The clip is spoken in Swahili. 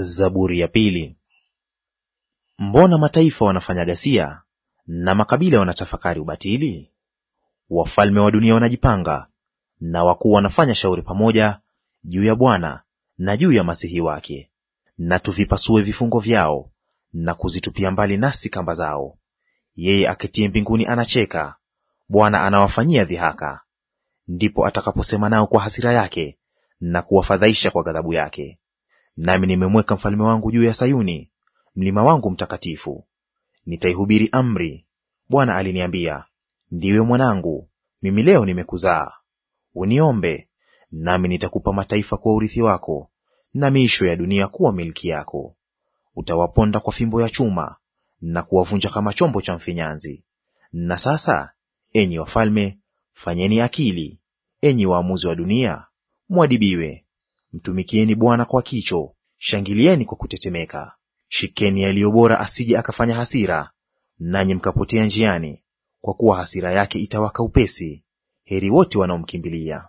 Zaburi ya pili. Mbona mataifa wanafanya ghasia na makabila wanatafakari ubatili? Wafalme wa dunia wanajipanga na wakuu wanafanya shauri pamoja juu ya Bwana na juu ya masihi wake. Na tuvipasue vifungo vyao na kuzitupia mbali nasi kamba zao. Yeye aketie mbinguni anacheka, Bwana anawafanyia dhihaka. Ndipo atakaposema nao kwa hasira yake na kuwafadhaisha kwa ghadhabu yake. Nami nimemweka mfalme wangu juu ya Sayuni, mlima wangu mtakatifu. Nitaihubiri amri. Bwana aliniambia, ndiwe mwanangu, mimi leo nimekuzaa. Uniombe, nami nitakupa mataifa kuwa urithi wako, na miisho ya dunia kuwa milki yako. Utawaponda kwa fimbo ya chuma na kuwavunja kama chombo cha mfinyanzi. Na sasa, enyi wafalme, fanyeni akili; enyi waamuzi wa dunia, mwadibiwe. Mtumikieni Bwana kwa kicho, shangilieni kwa kutetemeka. Shikeni yaliyo bora, asije akafanya hasira, nanyi mkapotea njiani, kwa kuwa hasira yake itawaka upesi. Heri wote wanaomkimbilia.